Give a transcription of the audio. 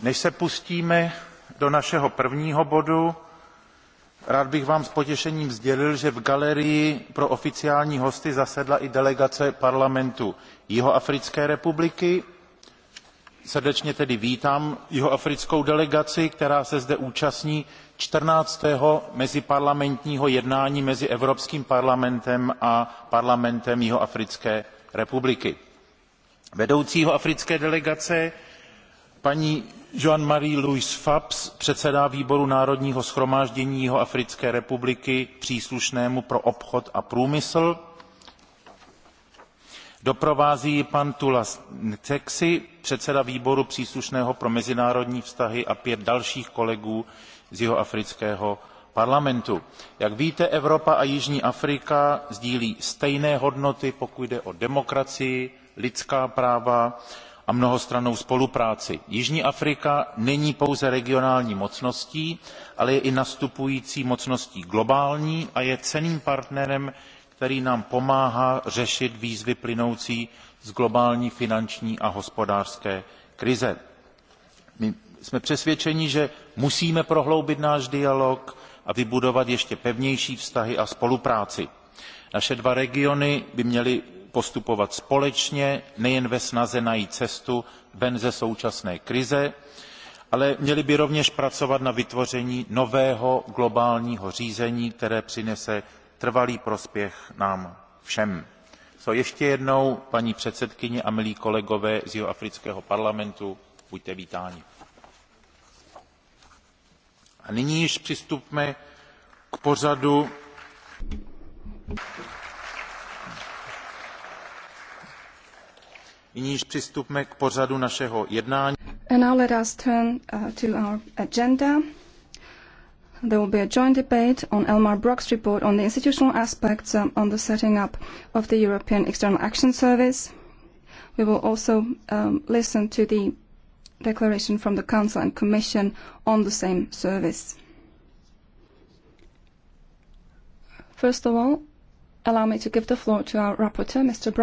Než se pustíme do našeho prvního bodu, rád bych vám s potěšením sdělil, že v galerii pro oficiální hosty zasedla i delegace parlamentu Jihoafrické republiky. Srdečně tedy vítám jihoafrickou delegaci, která se zde účastní 14. meziparlamentního jednání mezi Evropským parlamentem a parlamentem Jihoafrické republiky. Vedoucí africké delegace paní jean marie louis fabs předseda výboru národního shromáždění jihoafrické republiky příslušnému pro obchod a průmysl doprovází ji pan thoulas mcexi předseda výboru příslušného pro mezinárodní vztahy a pět dalších kolegů z jihoafrického parlamentu. jak víte evropa a jižní afrika sdílí stejné hodnoty pokud jde o demokracii lidská práva a mnohostrannou spolupráci. jižní afrika není pouze regionální mocností ale je i nastupující mocností globální a je cenným partnerem který nám pomáhá řešit výzvy plynoucí z globální finanční a hospodářské krize. my jsme přesvědčeni že musíme prohloubit náš dialog a vybudovat ještě pevnější vztahy a spolupráci. naše dva regiony by měly postupovat společně nejen ve snaze najít cestu ven ze současné krize ale měli by rovněž pracovat na vytvoření nového globálního řízení které přinese trvalý prospěch nám všem. ještě jednou paní předsedkyně a milí kolegové z jihoafrického parlamentu buďte vítáni. nyní již přistupme k pořadu jednání Nyní již přistupme k pořadu našeho jednání. And now let us turn uh, to our agenda. There will be a joint debate on Elmar Brock's report on the institutional aspects um, on the setting up of the European External Action Service. We will also um, listen to the declaration from the Council and Commission on the same service. First of all, allow me to give the floor to our rapporteur, Mr. Brock.